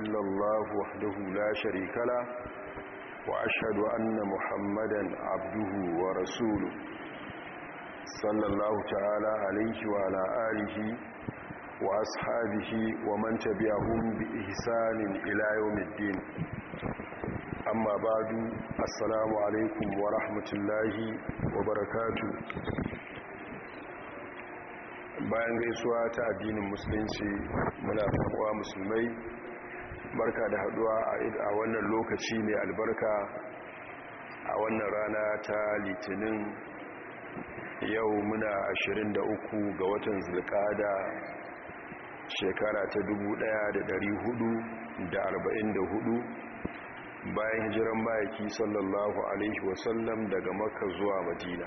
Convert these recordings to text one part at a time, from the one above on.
إلا الله وحده لا شريك له وأشهد أن محمدا عبده ورسوله صلى الله تعالى عليه وعلى آله وأصحابه ومن تبعهم بإحسان إلى يوم الدين أما بعد السلام عليكم ورحمة الله وبركاته bayan gaisuwa ta addinin musulunci muna faruwa musulmai barka da haduwa a wannan lokaci mai albarka a wannan rana ta litinin yau muna 23 ga watan zulkada shekara ta 1444 bayan hijiran bayaki sallallahu alaihi wasallam daga makka zuwa madina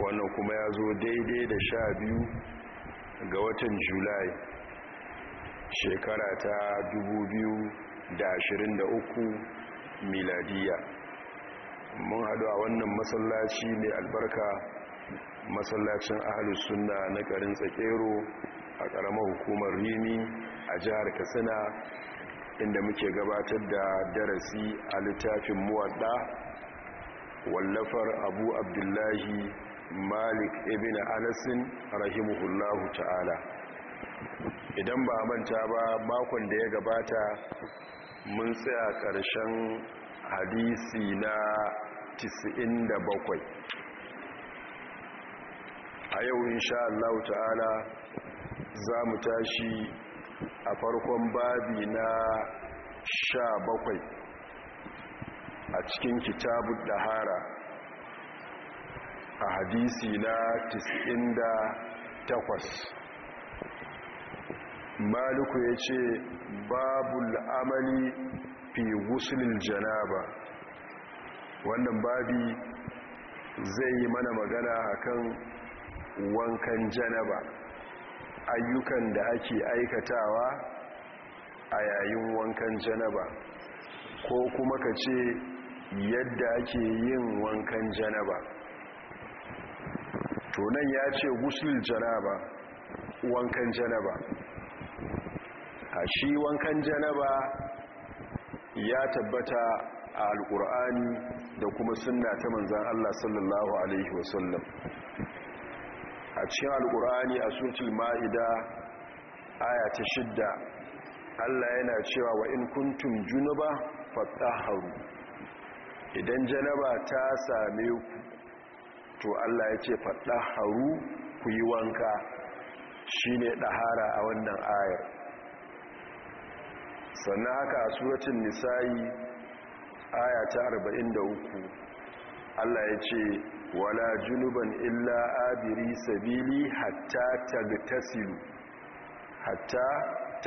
wannan kuma ya zo daidai da sha biyu ga watan julai shekara ta 2023 miladiya mun hadu a wannan masallaci mai albarka masallacin ahalus sunna na garin tsakero a ƙaramar hukumar rini a jihar katsina inda muke gabatar da darasi a littafin muwadda wallafar abu abdullahi malik ibn anasin rahimuhullahu ta'ala idan ba manta ba makon da ya gabata mun tsaya ƙarshen hadisi na 97 a yau insha Allah ta'ala za mu tashi a farkon babi na 17 a cikin kitabun dahara a hadisi na 98 maliku ya ce babu la'amali fi gusulin janaba wannan babi zai yi mana magana akan wankan janaba ayyukan da ake aikatawa a yayin wankan janaba ko kuma ka ce yadda ake yin wankan janaba tunan ya ce gusul janaba wankan janaba a shi wankan janaba ya tabbata a alkur'ani da kuma suna ta manzan Allah sallallahu alaihi wasallam a cikin alkur'ani a suratul ma'ida aya ta shidda Allah yana cewa wa in kuntum junuba fatahharu idan janaba ta same ku to Allah ya ce fatahharu ku yi wanka Shi ne ɗahara a wannan ayar sannan haka a suratun nisa'i aya ta arba'in da uku, Allah ya ce wala junuban illa abiri sabili hatta tagtasilu hatta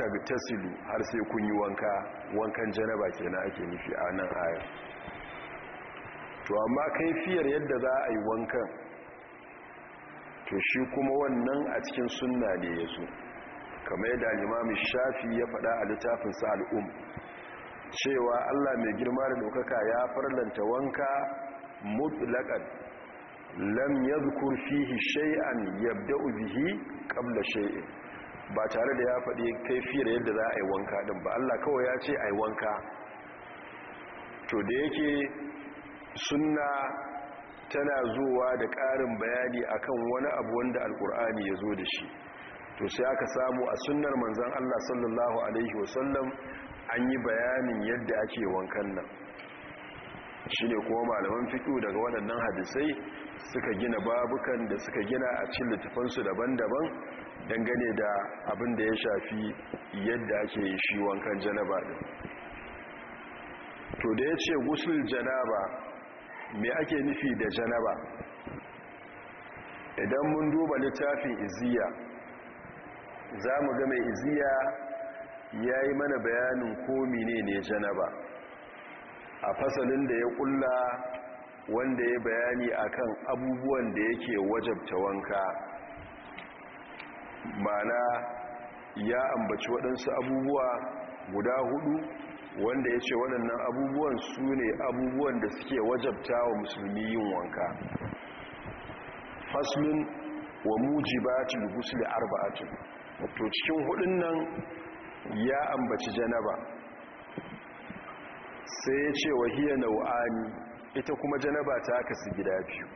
tagtasilu har sai kun yi wanka wankan janaba kenan ake nufi a nan aya to amma kaifiyar yadda za a yi wankan to shi kuma wannan a cikin sunna ne ya zo kamar yadda limamin shafi ya faɗa a littafin sa al'um cewa allah mai girma da dokaka ya farlanta wanka mutlaƙan lam ya zukur fihi shay'an yabda bihi ƙabla shay'in ba tare da ya faɗi kaifiyar yadda za a yi wanka ɗin ba allah kawai ya ce a yi wanka to da yake sunna tana zuwa da ƙarin bayani akan wani abu wanda alƙur'ani ya zo da shi to sai aka samu a sunnar manzan Allah sallallahu alaihi wasallam an yi bayanin yadda ake wankan nan shi ne kuma malaman fito daga waɗannan hadisai suka gina babukan da suka gina a cin littafansu daban-daban dangane da abin da ya shafi yadda ake shi wankan janaba ɗin to da ya ce gusul janaba me ake nufi da janaba idan mun duba littafin iziya za mu ga mai iziya ya yi mana bayanin komi ne ne janaba a fasalin da ya kulla wanda ya bayani akan abubuwan da yake wajabta wanka mana ya ambaci waɗansu abubuwa guda hudu wanda ya ce waɗannan abubuwan su ne abubuwan da suke wajabta wa musulmi yin wanka faslun wa mujibatul ghusl arba'atun to cikin hudun nan ya ambaci janaba sai ya ce wahiyar nau'ani ita kuma janaba ta kasu gida biyu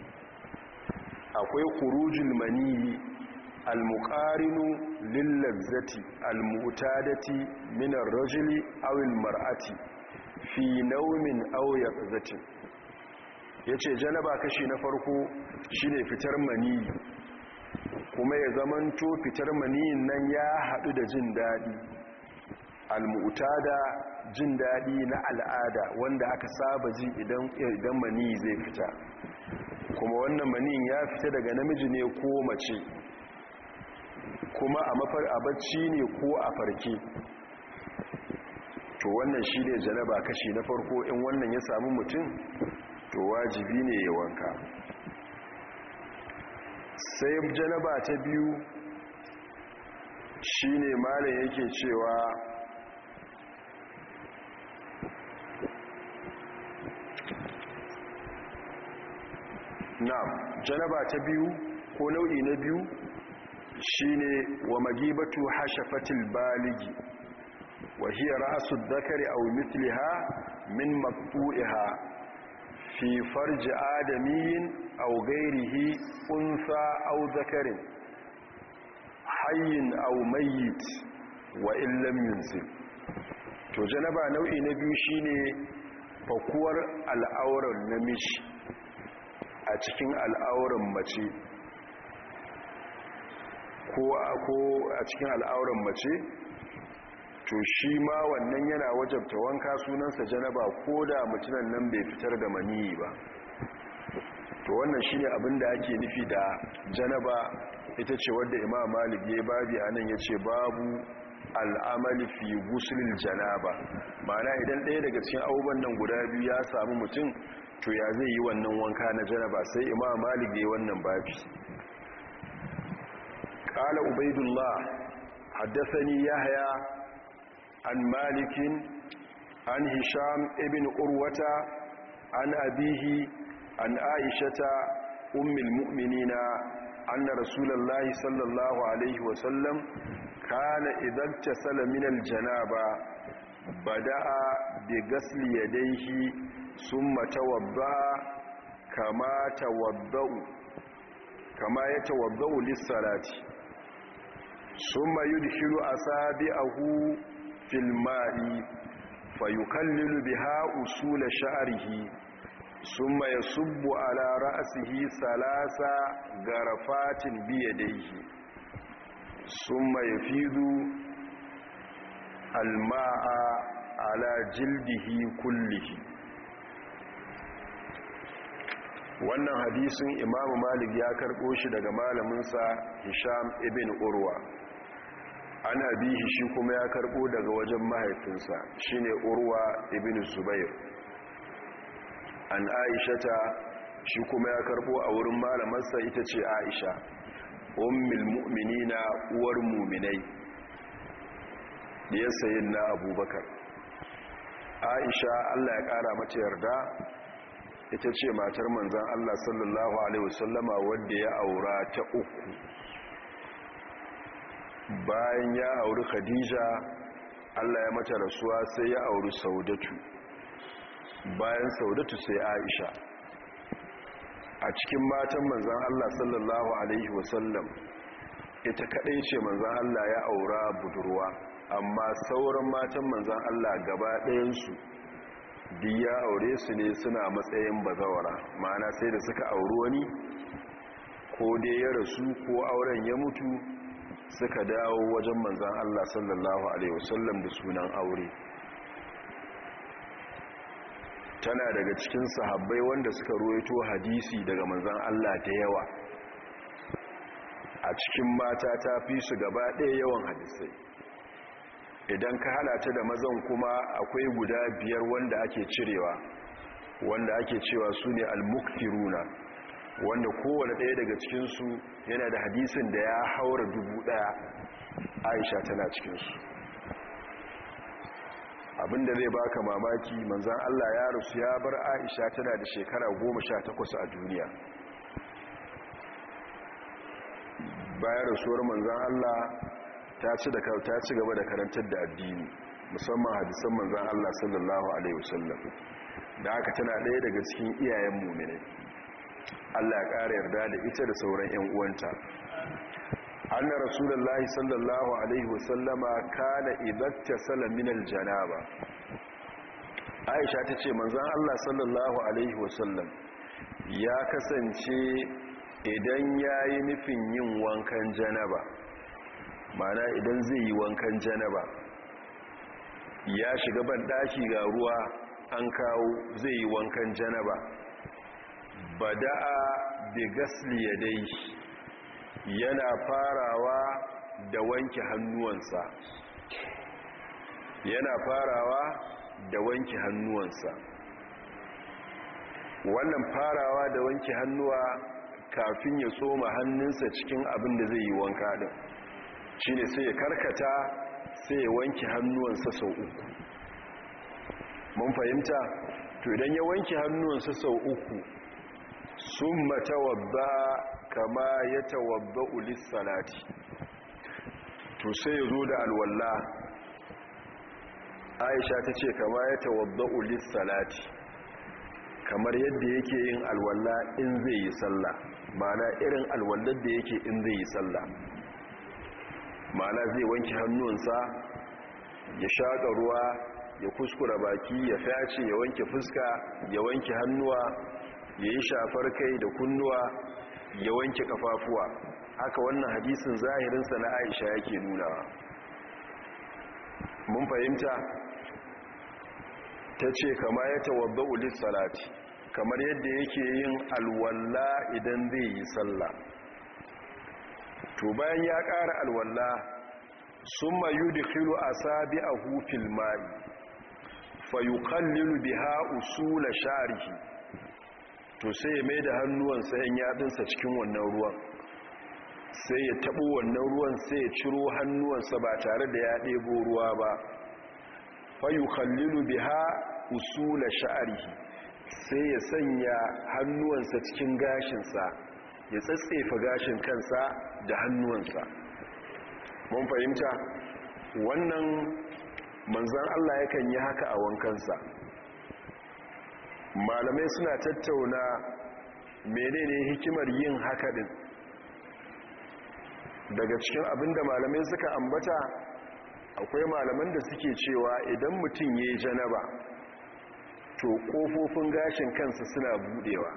akwai kurujin maniyi almukarinu lillazati almutadati minar rajuli awil mar'ati fi naumin auyar zati ya ce janaba kashi na farko shine fitar maniyi kuma ya zamanto fitar maniyin nan ya haɗu da jin daɗi da jin daɗi na al'ada wanda aka saba ji idan maniyi zai fita kuma wannan maniyin ya fita daga namiji ne ko mace kuma a mafar abacci ne ko a farke to wannan shi ne janaba kashi na farko in wannan ya samu mutum to wajibi ne ya wanka sai janaba ta biyu shine malam yake cewa na'am janaba ta biyu ko nau'i na biyu shine wa magibatu hashafatil baligi wa hiyar asu dhakari a mithliha min makbu'iha fi farji adamiyin au gairihi unsa au zakarin hayyin au mayyit wa illam yunzil to janaba nau'i na biyu shine fakuwar al'auran namiji a cikin al'auran mace ko a cikin al'auran mace to shi ma wannan yana wajabta wanka sunansa janaba ko da mutunan nan bai fitar da maniyi ba to wannan shi ne abinda ake nufi da janaba ita ce wadda imam malik ya babi a nan ya ce babu al'amali fi gusulin janaba mana idan ɗaya daga cikin abubuwan nan guda biyu ya samu mutum to ya zai yi wannan wanka na janaba sai imam malik ya yi wannan babi ƙala ubaidullah haddasa ni yahaya an malikin an hisham ibn urwata an abihi an aishata ummul mu'minina anna rasulullahi sallallahu alaihi wasallam kana idan tasala min aljanaba bada'a bi ghasli yadayhi summa tawadda kama tawaddau kama ya lis-salati summa yudkhilu asabi'ahu في الماء fa بها أصول شعره ثم يصب على رأسه ثلاث غرفات بيديه ثم يفيد الماء على جلده كله wannan hadisin imamu malik ya karɓo shi daga malaminsa hisham ibn urwa ana bihi shi kuma ya karbo daga wajen mahaifinsa shine urwa ibn zubair an aishata shi kuma ya karbo a wurin malamarsa ita ce aisha ummul mu'minina uwar mu'minai da ya sayi na abubakar aisha allah ya kara mata yarda ita ce matar manzan allah sallallahu alaihi wasallama wadda ya aura ta uku bayan ya auri khadija allah ya mata rasuwa sai ya auri saudatu bayan saudatu sai aisha a cikin matan manzan allah sallallahu alaihi wasallam ita kadai ce manzan allah ya aura budurwa amma sauran matan manzan allah gaba ɗayansu di ya aure su ne suna matsayin bazawara ma'ana sai da suka auri wani ko dai ya rasu ko auren ya mutu suka dawo wajen manzan Allah sallallahu Alaihi wasallam da sunan aure tana daga cikin sahabbai wanda suka ruwaito hadisi daga manzan Allah da yawa a cikin mata ta fi su gaba ɗaya yawan hadisai idan ka halata da mazan kuma akwai guda biyar wanda ake cirewa wanda ake cewa su ne al mukthiruna wanda kowane ɗaya daga cikinsu yana da hadisin da ya haura dubu ɗaya aisha tana cikinsu abinda zai baka mamaki manzan allah ya rasu ya bar aisha tana da shekara goma sha takwas a duniya bayan rasuwar manzan allah ta ci gaba da karantar da addini musamman hadisan manzan allah sallallahu alaihi wasallam da aka tana ɗaya daga cikin iyayen muminai Allah ya ƙara yarda da ita da sauran 'yan uwanta anna rasulullahi sallallahu alaihi wasallama kana idatta salamin aljanaba aisha ta ce manzan Allah sallallahu alaihi wasallam ya kasance idan ya yi nufin yin wankan janaba mana idan zai yi wankan janaba ya shiga ban ga ruwa an kawo zai yi wankan janaba bada'a bi gasli yadai yana farawa da wanke hannuwansa yana farawa da wanke hannuwansa wannan farawa da wanke hannuwa kafin ya tsoma hannunsa cikin abin da zai yi wanka din shine sai ya karkata sai ya wanke hannuwansa sau uku mun fahimta to idan ya wanke hannuwansa sau uku sun matawabba kama ya tawabba ulis salati to sai ya zo da alwalla aisha ta ce kama ya tawabba ulis salati kamar yadda yake yin alwalla in zai yi sallah mana irin alwallar da yake in zai yi sallah mana zai wanke hannunsa ya shaƙa ruwa ya kuskura baki ya fyace ya wanke fuska ya wanke hannuwa ya yi shafar kai da kunnuwa ya wanke kafafuwa haka wannan hadisin zahirinsa na aisha yake nunawa mun fahimta ta ce kama ya tawabba ulis salati kamar yadda yake yin alwalla idan zai yi sallah to bayan ya ƙara alwalla sun mayu da filo a sabi a hufil mai fayukallilu biha usula sharihi to sai ya mai da hannuwansa yan yadinsa cikin wannan ruwan sai ya taɓo wannan ruwan sai ya ciro hannuwansa ba tare da ya ɗebo ruwa ba fayu kallilu biha usula sha'arihi sai ya sanya hannuwansa cikin gashinsa ya tsatsefa gashin kansa da hannuwansa mun fahimta wannan manzan Allah yakan yi haka a wankansa malamai suna tattauna menene hikimar yin haka din daga cikin abinda malamai suka ambata akwai malaman da suke cewa idan mutum ya yi janaba to kofofin gashin kansa suna budewa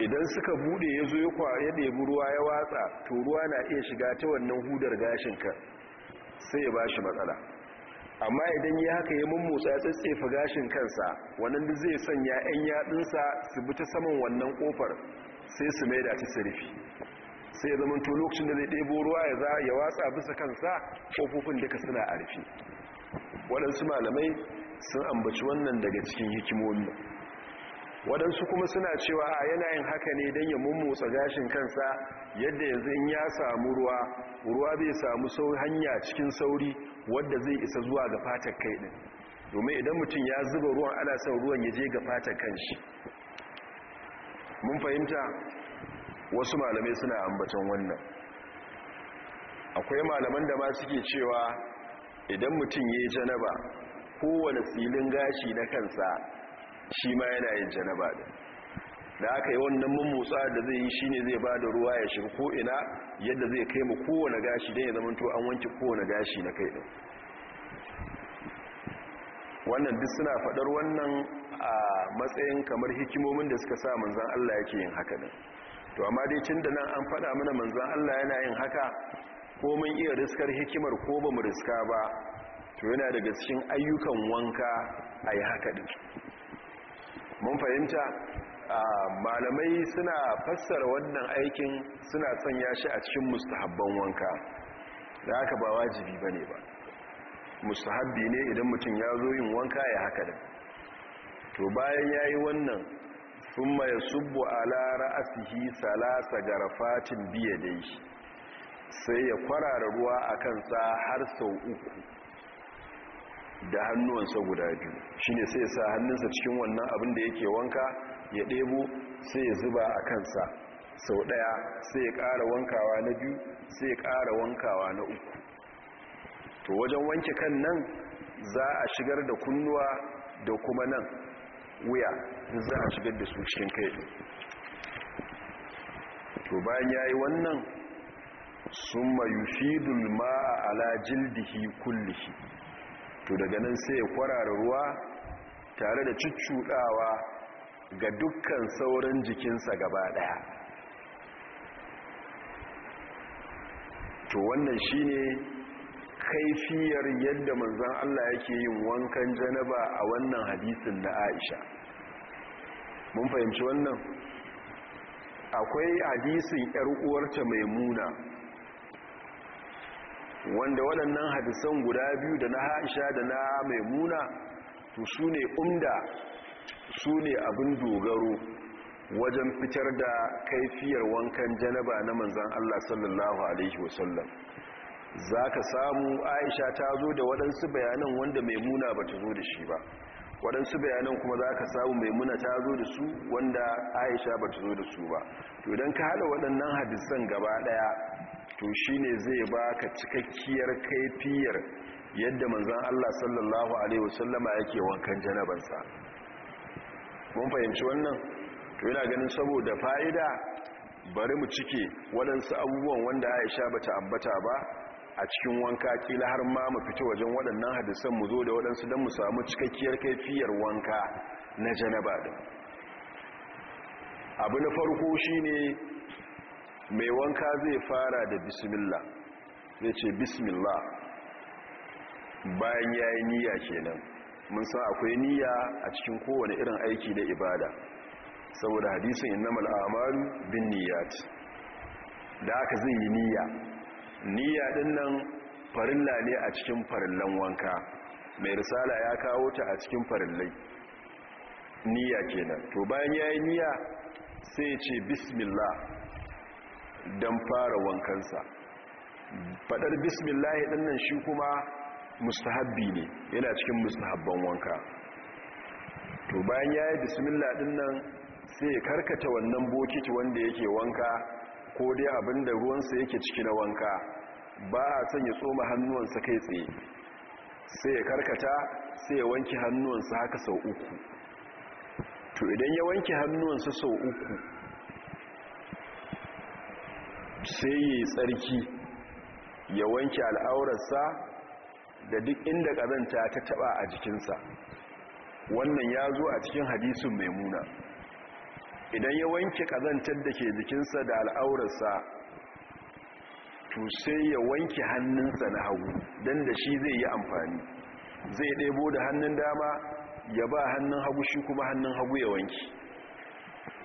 idan suka bude ya zo ya ɗebi ruwa ya watsa to ruwa na iya shiga ta wannan hudar gashin kan sai ya ba shi matsala amma idan ya haka ya mummutsa ya tsatsefa gashin kansa wannan da zai sanya 'yan yadinsa su bi ta saman wannan kofar sai su mai dace sarifi sai ya zamanto lokacin da zai ɗebo ruwa ya za ya watsa bisa kansa kofofin duka suna a rufe waɗansu malamai sun ambaci wannan daga cikin hikimomi waɗansu kuma suna cewa a yanayin haka ne don ya mummutsa gashin kansa yadda yanzu in ya samu ruwa ruwa bai samu hanya cikin sauri wadda zai isa zuwa ga fatar kai ɗin domin idan mutum ya zuba ruwan ana son ruwan ya je ga fatar kanshi mun fahimta wasu malamai suna ambaton wannan akwai malaman da ma suke cewa idan mutum ya yi janaba kowane filin gashi na kansa shi ma yana yin janaba da, da aka yi wannan mummutsa da zai yi shine zai ba da ruwa ya shiga ko'ina yadda zai kai mu kowane gashi don ya zamanto an wanke kowane gashi na kai wannan duk suna faɗar wannan a matsayin kamar hikimomin da suka sa manzan Allah yake yin haka ne to amma dai cin da nan an faɗa mana manzan Allah yana yin haka ko mun iya riskar hikimar ko bamu riska ba to yana daga cikin ayyukan wanka a yi haka ɗin mun fahimta ah, malamai suna fassara wannan aikin suna sanya shi a cikin mustahabban wanka da haka ba wajibi ba ne ba mustahabbi ne idan mutum ya zo yin wanka ya haka da to bayan ya yi wannan sun ya subbu ala ra'asihi salasa garafatin biya dai sai ya kwarara ruwa a kansa har sau uku da hannuwansa guda biyu shi ne sai ya sa hannunsa cikin wannan abin da yake wanka ya ɗebo sai ya zuba a kansa sau ɗaya sai ya ƙara wankawa na biyu sai ya ƙara wankawa na uku to wajen wanke kan nan za a shigar da kunnuwa da kuma nan wuya za a shigar da su cikin kai to bayan ya yi wannan sun mayu fidul ma'a ala jildihi kullihi to daga nan sai ya kwarara ruwa tare da cuccuɗawa ga dukkan saurin jikinsa gaba ɗaya to wannan shine kaifiyar yadda manzon Allah yake yin wankan janaba a wannan hadisin na Aisha mun fahimci wannan akwai hadisin yar uwarta muna. wanda waɗannan hadisan guda biyu da na haisha da na maimuna to su ne umda su ne abin dogaro wajen fitar da kaifiyar wankan janaba na manzan Allah sallallahu Alaihi wasallam za ka samu aisha ta zo da waɗansu bayanan wanda maimuna ba ta zo da shi ba waɗansu bayanan kuma za ka samu maimuna ta zo da su wanda aisha ba ta zo da su ba to idan ka haɗa waɗannan hadisan gaba ɗaya to shi ne zai baka cikakkiyar kaifiyar yadda manzan Allah sallallahu alaihi wasallama yake wankan janabansa mun fahimci wannan to yana ganin saboda fa'ida bari mu cike waɗansu abubuwan wanda Aisha bata ambata ba a cikin wanka kila har ma mu fita wajen waɗannan hadisan mu zo da waɗansu don mu samu cikakkiyar kaifiyar wanka na janaba abu na farko shine mai wanka zai fara da bismillah zai ce bismillah bayan yayi yi niyya kenan mun san akwai niyya a cikin kowane irin aiki da ibada saboda hadisin innamal a'malu bin niyyat da aka zai yi niyya niyya din nan farilla ne a cikin farillan wanka mai risala ya kawo ta a cikin farillai niyya kenan to bayan yayi yi niyya sai ce bismillah don fara wankansa fadar bismillah ɗannan shi kuma mustahabbi ne yana cikin mustahabban wanka to bayan ya yi bismillah dinnan sai ya karkata wannan bokiti wanda yake wanka ko dai abinda ruwansa yake ciki na wanka ba a son ya tsoma hannuwansa kai tsaye sai ya karkata sai ya wanke hannuwansa haka sau uku to idan ya wanke hannuwansa sau uku sai yi tsarki ya wanke al'aurarsa da duk inda ƙazanta ta taɓa a jikinsa wannan ya zo a cikin hadisun muna idan ya wanke ƙazantar da ke jikinsa da al'aurarsa to sai ya wanke hannunsa na hagu don da shi zai yi amfani zai ɗebo da hannun dama ya ba hannun hagu shi kuma hannun hagu ya wanke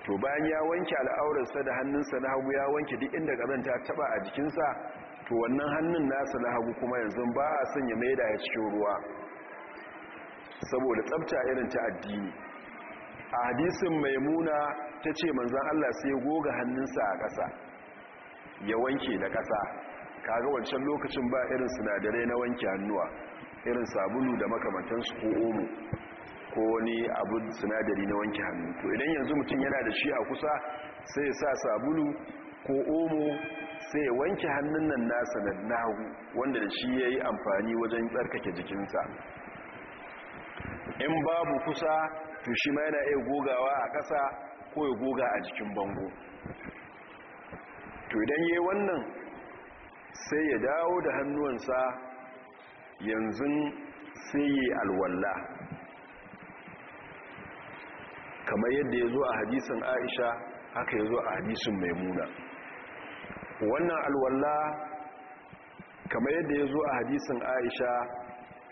to bayan ya wanke al'aurarsa da hannunsa na hagu ya wanke duk inda ta taɓa a jikinsa to wannan hannun nasa na hagu kuma yanzu ba a son ya maida ya cikin ruwa saboda tsabta irin ta addini a hadisin maimuna ta ce manzan Allah sai goga hannunsa a ƙasa ya wanke da ƙasa kaga wancan lokacin ba irin sinadarai na wanke hannuwa irin sabulu da makamantansu ko omo ko wani abu sinadari na wanke hannu to idan yanzu mutum yana da shi a kusa sai ya sa sabulu ko omo sai wanke hannun nan nasa da nahu wanda da shi ya yi amfani wajen tsarkake jikinsa in babu kusa to shi ma yana iya gogawa a ƙasa ko ya goga a jikin bango to idan ya yi wannan sai ya dawo da hannuwansa yanzu sai ya alwalla kamar yadda ya zo a hadisin aisha haka ya zo a hadisin maimuna wannan alwalla kamar yadda ya zo a hadisin aisha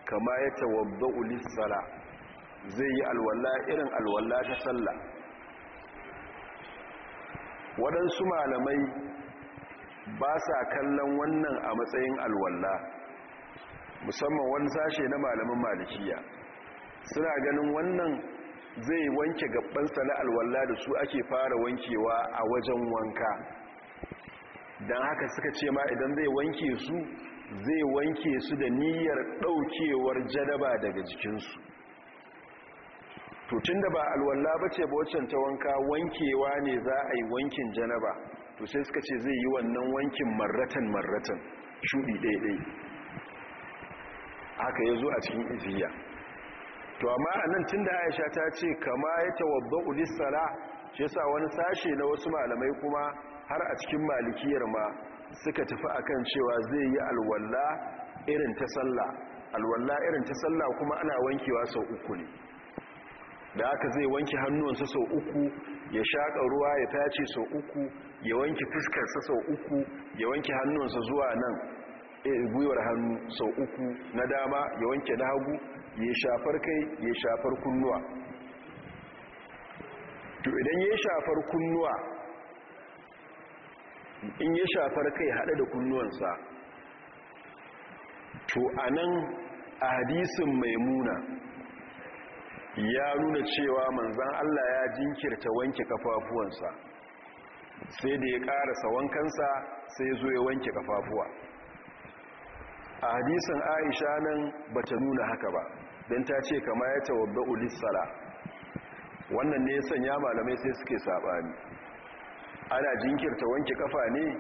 kama ya tawabba ulissala zai yi alwalla irin alwalla ta sallah waɗansu malamai ba sa kallon wannan a matsayin alwalla musamman wani sashe na malamin malikiya suna ganin wannan zai wanke gabansa na alwalla da su ake fara wankewa a wajen wanka don haka suka ce ma idan zai wanke su zai wanke su da niyyar ɗaukewar jadaba daga jikinsu tutun da ba alwalla ba ce ba ta wanka wankewa ne za a yi wankin janaba to sai suka ce zai yi wannan wankin marratan-marratan shuɗi ɗaiɗai haka ya zo a cikin iziya to amma a nan tun aisha ta ce kama ya tawabba ulisala shi yasa wani sashe na wasu malamai kuma har a cikin malikiyar ma suka tafi akan cewa zai yi alwalla irin ta sallah alwalla irin ta sallah kuma ana wankewa sau uku ne da aka zai wanke hannuwansa sau uku ya shaƙa ruwa ya tace sau uku ya wanke fuskarsa sau uku ya wanke hannuwansa zuwa nan eh, gwiwar hannu sau uku na dama ya wanke na hagu ya shafar kai ya shafar kunnuwa to idan ya shafar kunnuwa in ya shafar kai hada da kunnuwansa to a nan a hadisin maimuna ya nuna cewa manzan Allah ya jinkirta wanke kafafuwansa sai da ya karasa wankansa sai zo ya wanke kafafuwa a hadisin aisha nan ba ta nuna haka ba don ta ce kama ya tawadda Ulisara. wannan ne sanya malamai sai suke saɓani ana jinkirta wanke kafa ne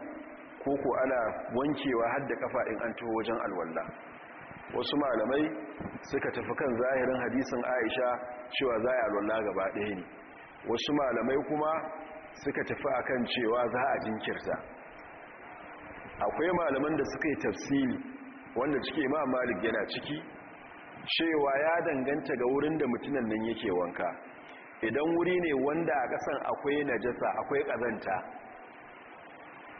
ko ko ana wankewa hadda kafa in an taho wajen alwallah wasu malamai suka tafi kan zahirin hadisin aisha cewa za a alwallah gaba ɗaya ne wasu malamai kuma suka tafi akan cewa za a jinkirta akwai malaman da suka yi tafsiri wanda cike ma malik yana ciki cewa ya danganta ga wurin da mutunan nan yake wanka idan wuri ne wanda a kasan akwai najasa akwai kazanta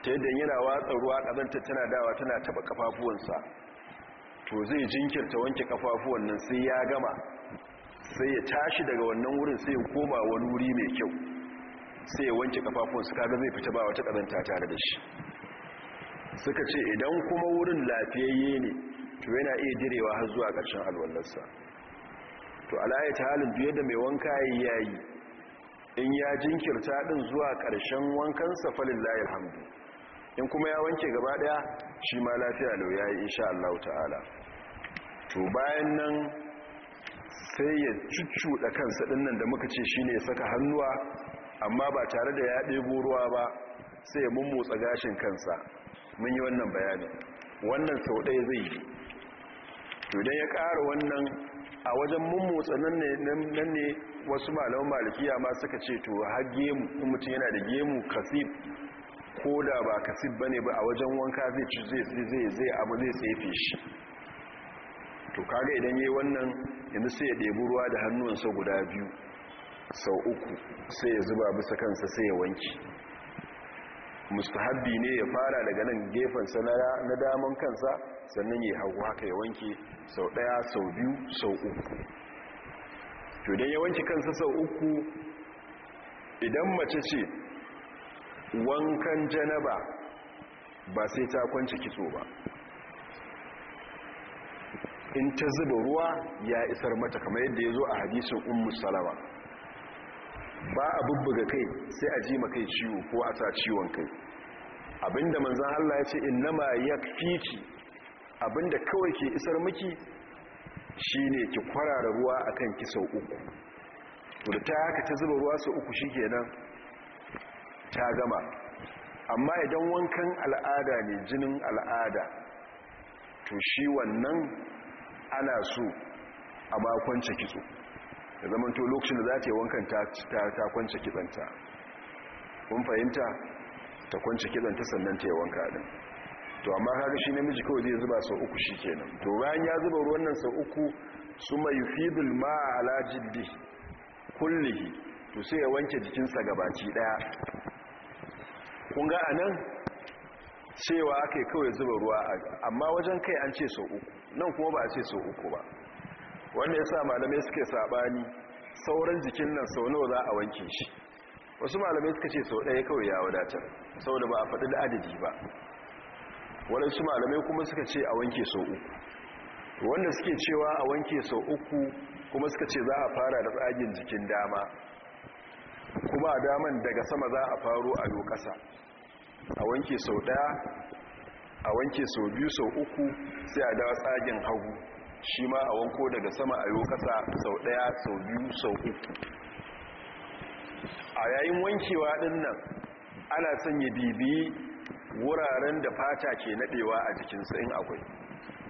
ta yadda yana watsa ruwa kazanta tana dawa tana taba kafafuwansa to zai jinkirta wanke kafafuwan nan sai ya gama sai ya tashi daga wannan wurin sai ya koma wani wuri mai kyau sai ya wanke kafafuwansa kaga zai fita ba wata kazanta tare da shi suka ce idan kuma wurin lafiyayye ne to yana iya direwa har zuwa ƙarshen alwallarsa to ala'ayi ta halin duk da mai wanka ya yi in ya jinkirta ɗin zuwa ƙarshen wankansa falin layar hamdu in kuma ya wanke gaba ɗaya shi ma lafiya lau ya yi insha Allah ta'ala to bayan nan sai ya cuccuɗa kansa ɗin nan da muka ce shi ne saka hannuwa amma ba tare da ya ɗebo ruwa ba sai ya mummutsa gashin kansa mun yi wannan bayanin wannan sau ɗaya zai yi To idan ya ƙara wannan a wajen mummutsa nan ne wasu malaman malikiya ma suka ce to har gemu in mutum yana da gemu kasif ko da ba kasif ba ne ba a wajen wanka zai ci zai zai abu zai tsefe shi to kaga idan yi wannan yanzu sai ya ɗebi ruwa da hannuwansa guda biyu sau uku sai ya zuba bisa kansa sai ya wanki mustahabbi ne ya fara daga nan gefensa na daman kansa sannan ya hagu haka ya wanke sau ɗaya sau biyu sau uku to dan ya wanke kansa sau uku idan mace ce wankan janaba ba sai ta kwanci kitso ba in ta zuba ruwa ya isar mata kamar yadda ya zo a hadisun ummu salama ba a bubbuga kai sai a ji kai ciwo ko a sa ciwon kai abinda manzan Allah ya ce innama yakfici abinda kawai ke isar miki shine ki kwarara ruwa akan ki sau uku wadda ta haka ta zuba ruwa sau uku shikenan ta gama amma idan wankan al'ada ne jinin al'ada to shi wannan ana so a bakwance kitso da zaman to lokacin da za ta yi wankan ta kwance kitsanta kun fahimta ta kwance kitsanta sannan ta yi wanka din to amma kaga shi namiji kawai zai zuba sau uku shi kenan, to bayan ya zuba ruwan nan sau uku su mai ma'a ala jiddi kullihi to sai ya wanke jikinsa gabaci daya kun ga anan cewa aka yi kawai zuba ruwa amma wajen kai an ce sau uku nan kuma ba a ce sau uku ba wanda ya sa malamai suke sabani sauran jikin nan sau nawa za a wanke shi wasu malamai suka ce sau ɗaya kawai ya wadatar saboda ba a faɗi da adadi ba waɗansu malamai kuma suka ce a wanke sau uku wanda suke cewa a wanke sau uku kuma suka ce za a fara da tsagin jikin dama kuma a daman daga sama za a faro a lokasa a wanke sau ɗaya a wanke sau biyu sau uku sai a dawa tsagin hagu shi ma a wanko daga sama a lokasa sau ɗaya sau biyu sau uku a yayin wankewa ɗin nan ana sanya bibiyi wuraren da fata ke nadewa a jikinsa in akwai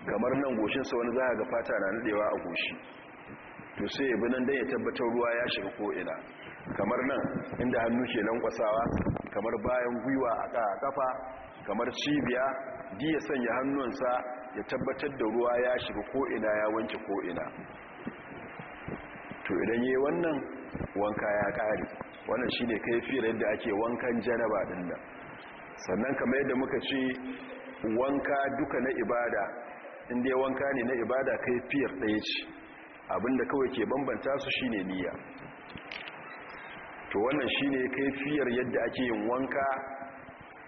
kamar nan goshinsa wani za ga fata na nadewa a goshi to sai ya bi nan don ya tabbatar ruwa ya shiga ina kamar nan inda hannu ke lankwasawa kamar bayan gwiwa a ka kafa kamar cibiya ya sanya hannunsa ya tabbatar da ruwa ya shiga ko'ina ya wanke ko'ina to idan yayi wannan wanka ya kare wannan shine ne kaifiyar yadda ake wankan janaba din sannan kamar yadda muka ce wanka duka na ibada inda wanka ne na ibada kai fiyar ɗaya ce abinda kawai ke bambanta su shine niyya to wannan shine fiyar yadda ake yin wanka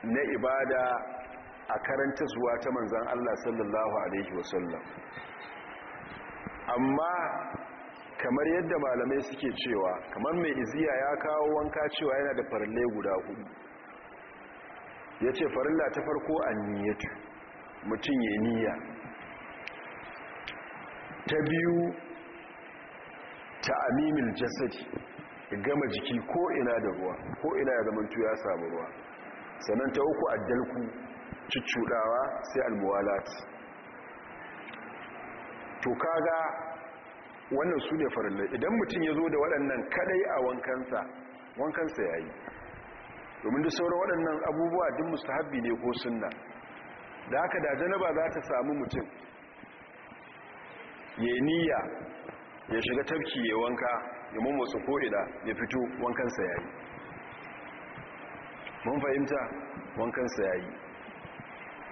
na ibada a karanta zuwa ta manzan Allah sallallahu alaihi wasallam amma kamar yadda malamai suke cewa kamar mai iziya ya kawo wanka cewa yana da farle guda hudu ya ce farilla ta farko a niyyatu mutum ya niyya ta biyu ta amimin jasadi gama jiki ko ina da ruwa ko ina ya zamantu ya samu ruwa sannan ta uku a dalku cuccudawa sai almuwalat to kaga wannan su ne farilla idan mutum ya zo da waɗannan kadai a wankansa wankansa ya yi domin da sauran waɗannan abubuwa duk mustahabbi ne ko sunna da haka da janaba za ta samu mutum ya niyya ya shiga tafki ya wanka ya mummutsu ko'ina ya fito wankansa ya yi mun fahimta wankansa ya yi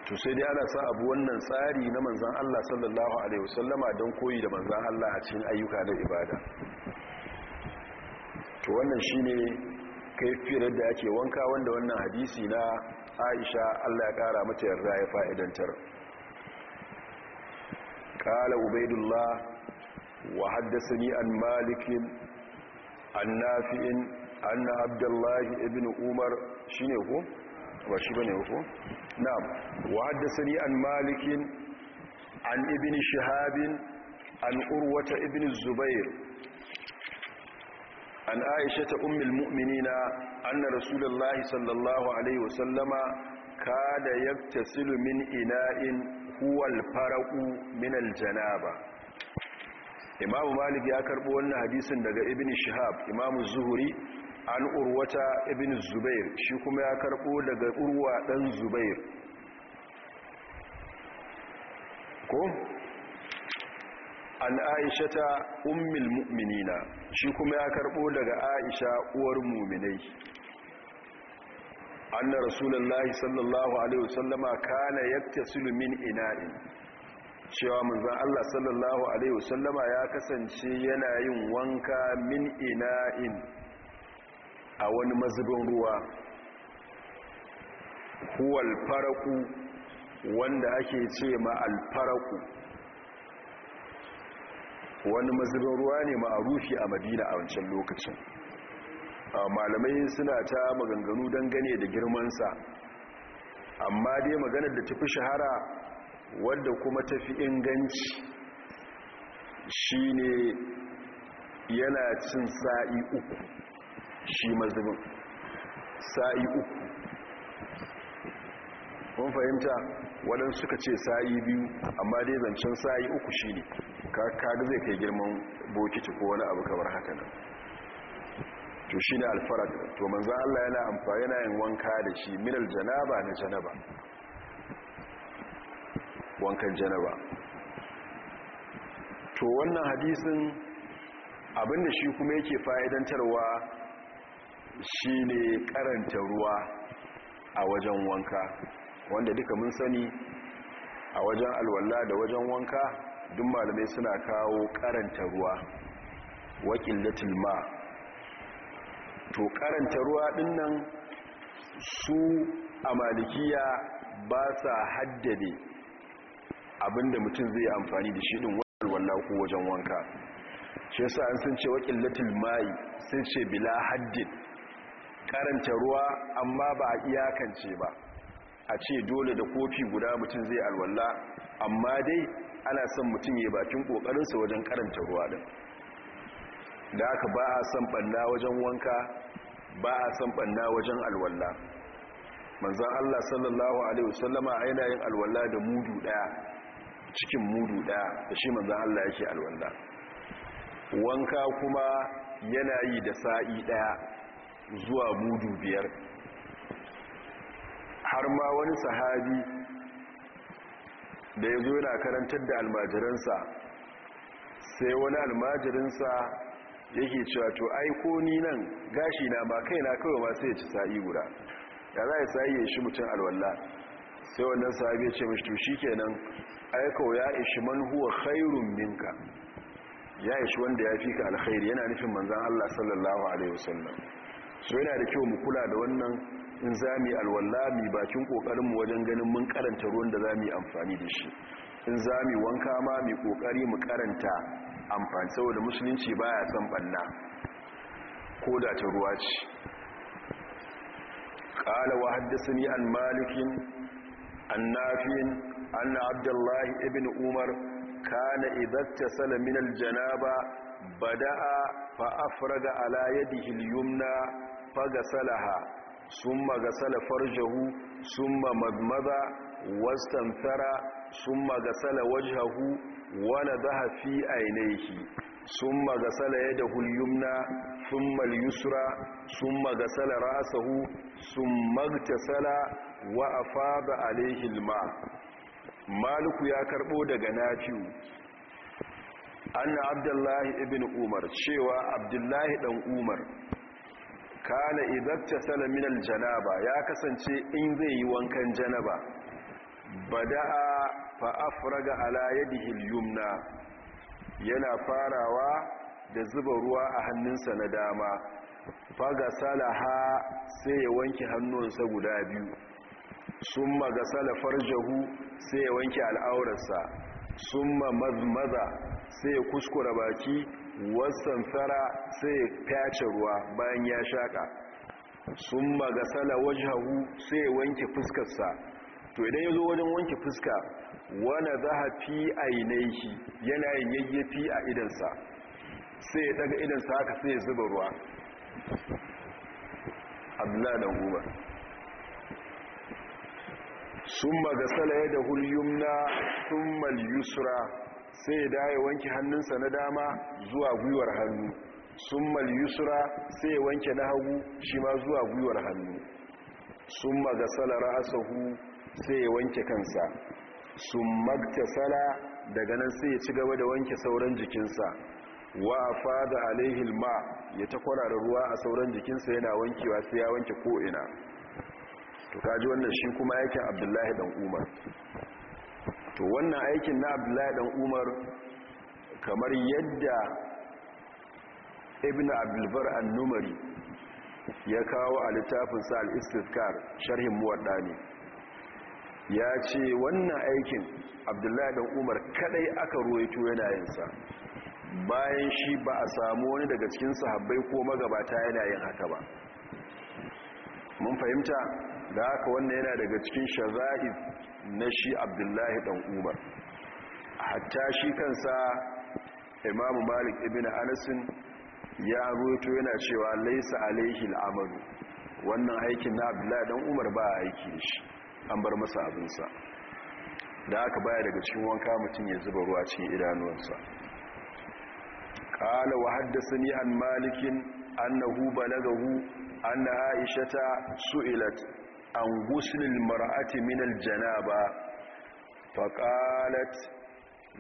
to sai dai ana sa abu wannan tsari na manzan Allah sallallahu Alaihi wasallama don koyi da manzan Allah a cikin ayyuka na ibada to wannan shi ne kaifiyar yadda ake wanka wanda wannan hadisi na aisha allah ya kara mata yarda ya fa'idantar ƙala ubaidullah wa haddasa ni an malikin an nafi'in an na abdullahi ibn umar shi ne ku? ba shi ba ne ku? na wa haddasa ni an malikin an ibn shahabin an urwata ibn zubair an aisha ta ummul mu'minina anna rasulullahi sallallahu alaihi wasallama kada yaktasilu min ina'in In, al-faraqu min al-janaba imam malik ya karbo wannan hadisin daga ibn shihab imam zuhuri an urwata ibn zubair shi kuma ya karbo daga urwa dan zubair ko an aisha ta ummil mu'minina shi kuma ya karɓo daga aisha uwar mu'minai anna rasulullahi sallallahu alaihi wasallama kana yaktasilu min ina'in cewa manzon Allah sallallahu alaihi wasallama ya kasance yana yin wanka min ina'in a wani mazubin ruwa huwal faraku wanda ake ce ma alfaraku wani mazubin ruwa ne ma'arufi a madina a wancan lokacin malamai suna ta maganganu gane da girmansa amma dai maganar da tafi shahara wadda kuma tafi inganci shi ne yana cin sa'i uku shi mazubin sa'i uku Mun fahimta waɗansu suka ce sa'i biyu amma dai zancen sa'i uku shi ne kaga zai kai girman bokiti ko wani abu kamar haka nan to shi ne alfarad to manzan Allah yana amfani na yin wanka da shi minal janaba na janaba wankan janaba to wannan hadisin abinda shi kuma yake fa'idantarwa shi ne karanta ruwa a wajen wanka wanda duka mun sani a wajen alwala da wajen wanka duk malamai suna kawo karanta ruwa latin ma to karanta ruwa dinnan su a malikiya ba sa haddade abinda mutum zai amfani da shi din walwala ko wajen wanka shi yasa an sun ce latin mai sun ce bila haddin karanta ruwa amma ba a iyakance ba a ce dole da kofi guda mutum zai alwalla amma dai ana son mutum ya bakin kokarinsa wajen karanta ruwa din da aka ba a son banna wajen wanka ba a son banna wajen alwalla manzan Allah sallallahu alaihi wasallama yana yin alwalla da mudu daya cikin mudu daya da shi manzan Allah yake alwalla wanka kuma yana yi da sa'i daya zuwa mudu biyar har ma wani sahabi da ya zo yana karantar da almajiransa sai wani almajirinsa yake cewa to aiko ni nan gashi na ba kai na kawai ma sai ya ci sa'i guda ya za a yi sa'i ya shi mutum alwalla sai wannan sahabi ya ce mashi to shi kenan aiko ya ishi manhuwa khairun minka ya ishi wanda ya fi ka alkhairi yana nufin manzan Allah sallallahu alaihi wasallam so yana da kyau mu kula da wannan in za mu yi alwallah mu bakin ƙoƙarinmu wajen ganin mun karanta ruwan da za mu yi amfani da shi in za mu wanka ma mai ƙoƙari mu karanta amfani saboda musulunci ba ya son ɓanna ko da ta ruwa ce ƙala wa haddasa ni an malikin an nafiyin an na abdullahi ibn umar kana idatta salamin aljanaba bada'a fa afraga ala yadihi al-yumna salaha. sun magasala farjahu sun mamadmada wastanfara sun magasala wajahu wani zaha ainihi sun magasala ya da hulyumna sun malyusra sun magasala rasahu sun magtasala wa a fada alaihil maliku ya karɓo daga nafi'u an abdullahi ibn umar cewa abdullahi Ɗan umar kana idabta salamin aljanaba ya kasance in zai yi wankan janaba bada'a fa afraga ala yadihi alyumna yana farawa da zuba ruwa a hannunsa na dama ga salaha sai ya wanke hannunsa guda biyu sun ga salafar jahu sai ya wanke al'aurarsa sun maza sai ya kuskura baki wasan tsara sai ya fyace ruwa bayan ya shaƙa sun magasala wajahu sai ya wanke fuskarsa to idan ya zo wajen wanke fuska wane za a fi ainihi yana yin fi a idansa sai ya daga idansa haka sai ya zuba ruwa abdullahi da umar sun magasala ya da na sun mal yusra sai ya dawo ya wanke hannunsa na dama zuwa gwiwar hannu sun yusra sai ya wanke na hagu shi ma zuwa gwiwar hannu sun magasala ra'asahu sai ya wanke kansa sun sala daga nan sai ya ci gaba da wanke sauran jikinsa wa fada alaihil ma ya ta da ruwa a sauran jikinsa yana wankewa sai ya wanke ko'ina to kaji wannan shi kuma yake abdullahi dan umar to wannan aikin na abdullahi dan umar kamar yadda ibn abdulbar annumari ya kawo a littafin sa al-istiskar sharhin muwadda ne ya ce wannan aikin abdullahi dan umar kadai aka ruwaito yana yinsa bayan shi ba a samu wani daga cikin sahabbai ko magabata yana yin haka ba mun fahimta da haka wannan yana daga cikin shaza'iz na shi abdullahi dan umar hatta shi kansa imamu malik ibn anasin ya roto yana cewa laisa alaihi al’amaru wannan aikin na abdullahi dan umar ba a aiki shi an bar masa abinsa da aka baya daga cikin wanka mutum ya zuba ruwa cikin idanuwansa قال وحدثني hu, annahu balagahu anna aishata su ilat. an gusulil mara'ati minal janaba faƙalat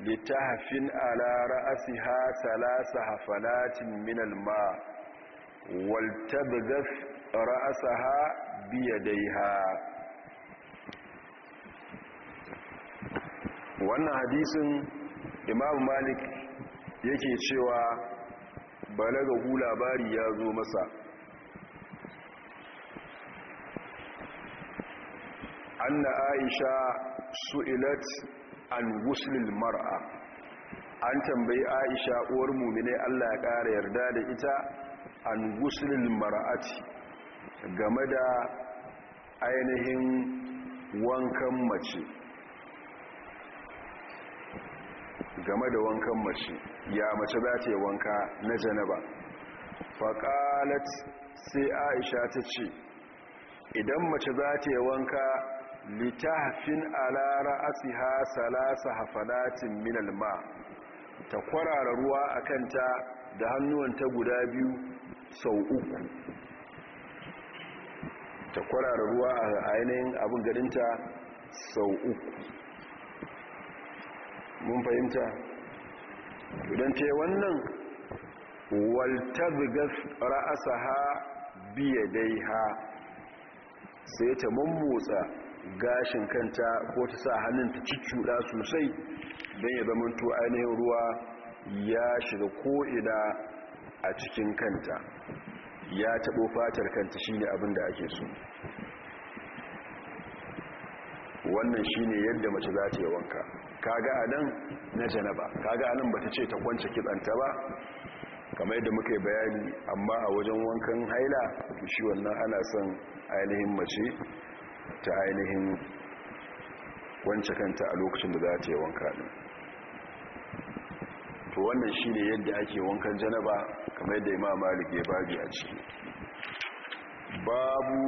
littafin ala ra'asi ha talasa min minal ma waltabgas ra'asa ha dai ha wannan hadisin imam malik yake cewa balaga hu labari ya zo masa anna aisha su'ilat an guslil mar'a an tambayi aisha uwar mumine Allah ya ƙara yarda da ita an guslil mar'ati game da ainihin wankan mace game da wankan mace ya mace za ta yi wanka na janaba faƙalat sai aisha ta ce idan mace za ta yi wanka litahfin ala ra'siha salasa hafalatin min alma ta kwarara ruwa akan ta da hannuwanta guda biyu sau uku ta kwarara ruwa a ainihin abin garinta sau uku mun fahimta idan ce wannan waltabgas dai ha, sai ta mummutsa gashin kanta ko ta sa hannunta cicciuda sosai don ya zama to ainihin ruwa ya shiga ko'ina a cikin kanta ya taɓo fatar kanta shine abin da ake so wannan shi ne yadda mace za ta yi wanka kaga a nan na janaba kaga a nan ba ta ce ta kwance kitsanta ba kamar yadda muka yi bayani amma a wajen wankan haila shi wannan ana son ainihin mace ta ainihin wance kanta a lokacin da za ta yi wanka ɗin to wannan shi ne yadda ake wankan janaba kamar yadda imam malik ya babi a ciki babu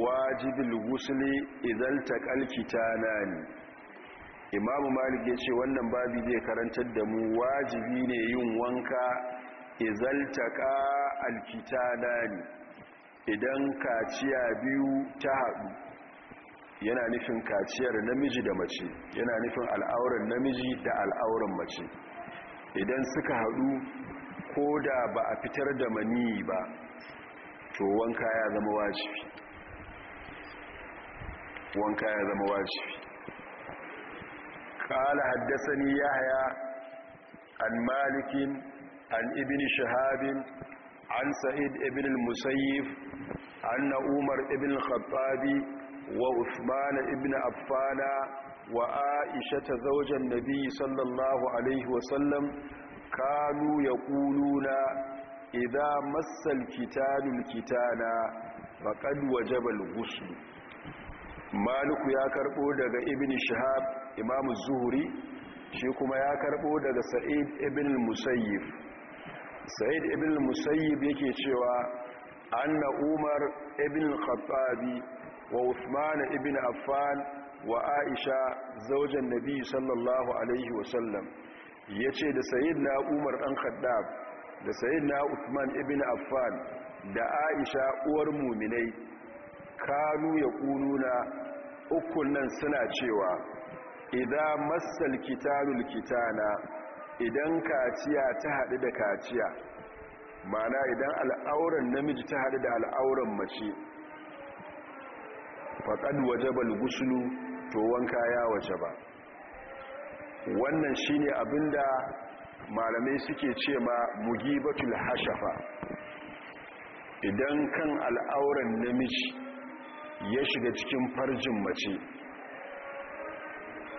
wajibin gusuli idan ta imam malik ya ce wannan babi zai karantar da mu wajibi ne yin wanka idan ta idan kaciya biyu ta haɗu yana nufin kaciyar namiji da mace yana nufin al'auran namiji da al'auran mace idan suka haɗu ko da ba a fitar da mani ba to wanka ya zama wajibi wanka ya zama wajibi قال حدثني يحيى an Malikin, an ابن شهاب an Sa'id ابن المسيف an Umar ابن khattabi wa Usmana ibn affana wa aisha ta zaujen nabi sallallahu kanu ya na idan matsal kitanul kitana faƙad wajabal guslu maliku ya karɓo daga ibn shahab imam zuhuri shi kuma ya karɓo daga sa'id ibn musayyib sa'id ibn musayyib yake cewa anna umar ibn khattabi wa usman ibn affan wa aisha zaujan nabi sallallahu alaihi wasallam ya ce da sayyidna umar ɗan khaddab da sayyidna usman ibn affan da aisha uwar muminai kanu ya kununa ukun nan suna cewa idan massal kitanul kitana idan kaciya ta haɗu da kaciya mana idan al'auran namiji ta haɗu da al'auran mace faƙad wajabal gusulu to wanka ya waje ba. wannan shine da malamai suke ce ma mugibatul hashafa idan kan al'auran namiji ya shiga cikin farjin mace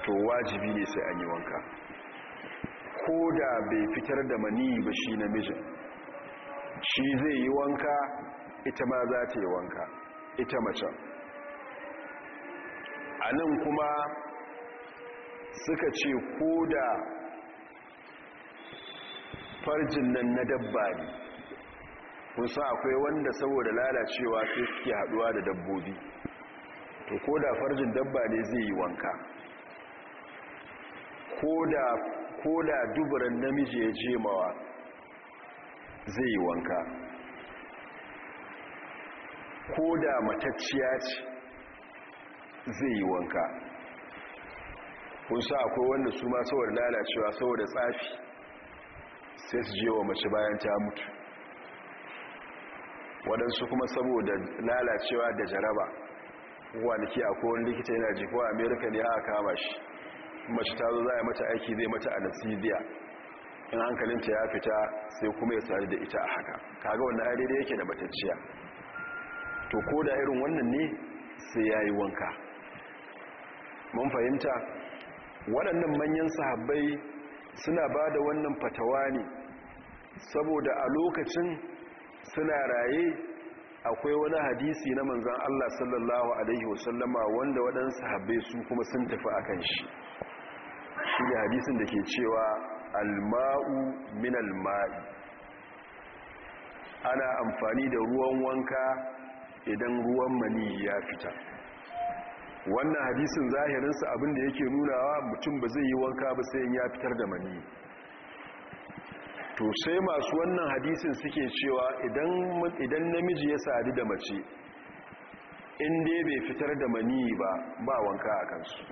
to wajibi ne sai an yi wanka ko da bai fitar da mani ba shi namijin shi zai yi wanka ita ma za ta yi wanka ita mace. anan kuma suka ce ko da farjin nan na dabba ne kusa akwai wanda saboda lalacewa sai suke haduwa da dabbobi to ko da farjin dabba ne zai yi wanka ko da duburan namiji ya jemawa zai yi wanka ko da matacciya ce zai yi wanka kun sa akwai wanda su ma saboda lalacewa saboda tsafi sai su je mace bayan ta mutu waɗansu kuma saboda lalacewa da jaraba kwanaki a kowane likita yana jikowa amerika ne a kama shi mace ta zo za a mata aiki zai mata anesthesia in hankalinta ya fita sai kuma ya sari da ita a haka kaga wannan aire da yake da matacciya to ko da irin wannan ne sai ya yi wanka mun fahimta waɗannan manyan sahabbai suna ba da wannan fatawa ne saboda a lokacin suna raye akwai wani hadisi na manzan Allah sallallahu Alaihi wasallama wanda waɗansu sahabbai su kuma sun tafi a kan shi shi ne hadisin da ke cewa alma'u min alma'i ana amfani da ruwan wanka idan ruwan mani ya fita wannan hadisin zahirinsa abinda da yake nunawa mutum ba zai yi wanka ba sai ya fitar da mani to sai masu wannan hadisin suke cewa idan namiji ya sadu da mace inda bai fitar da mani ba ba wanka a kansu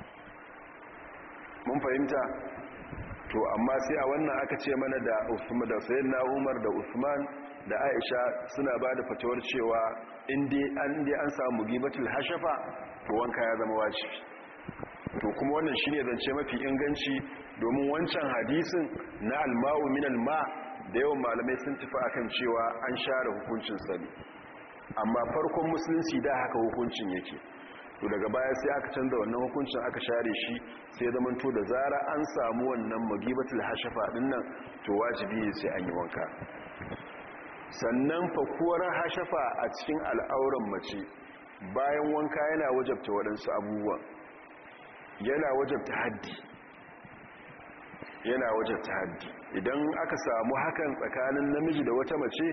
mun fahimta to amma sai a wannan aka ce mana da usman da na umar da usman da aisha suna ba da fatawar cewa inda an samu gibatul hashafa to wanka ya zama wajibi to kuma wannan shine zance mafi inganci domin wancan hadisin na alma'u min alma da yawan malamai sun tafi kan cewa an share hukuncin sani amma farkon musulunci da haka hukuncin yake to daga baya sai aka canza wannan hukuncin aka share shi sai zaman to da zara an samu wannan magibatul hashafa dinnan to wajibi ne sai an yi wanka sannan fakuwar hashafa a cikin al'auran mace bayan wanka yana wajabta waɗansu abubuwan yana wajabta haddi yana wajabta haddi idan aka samu hakan tsakanin namiji da wata mace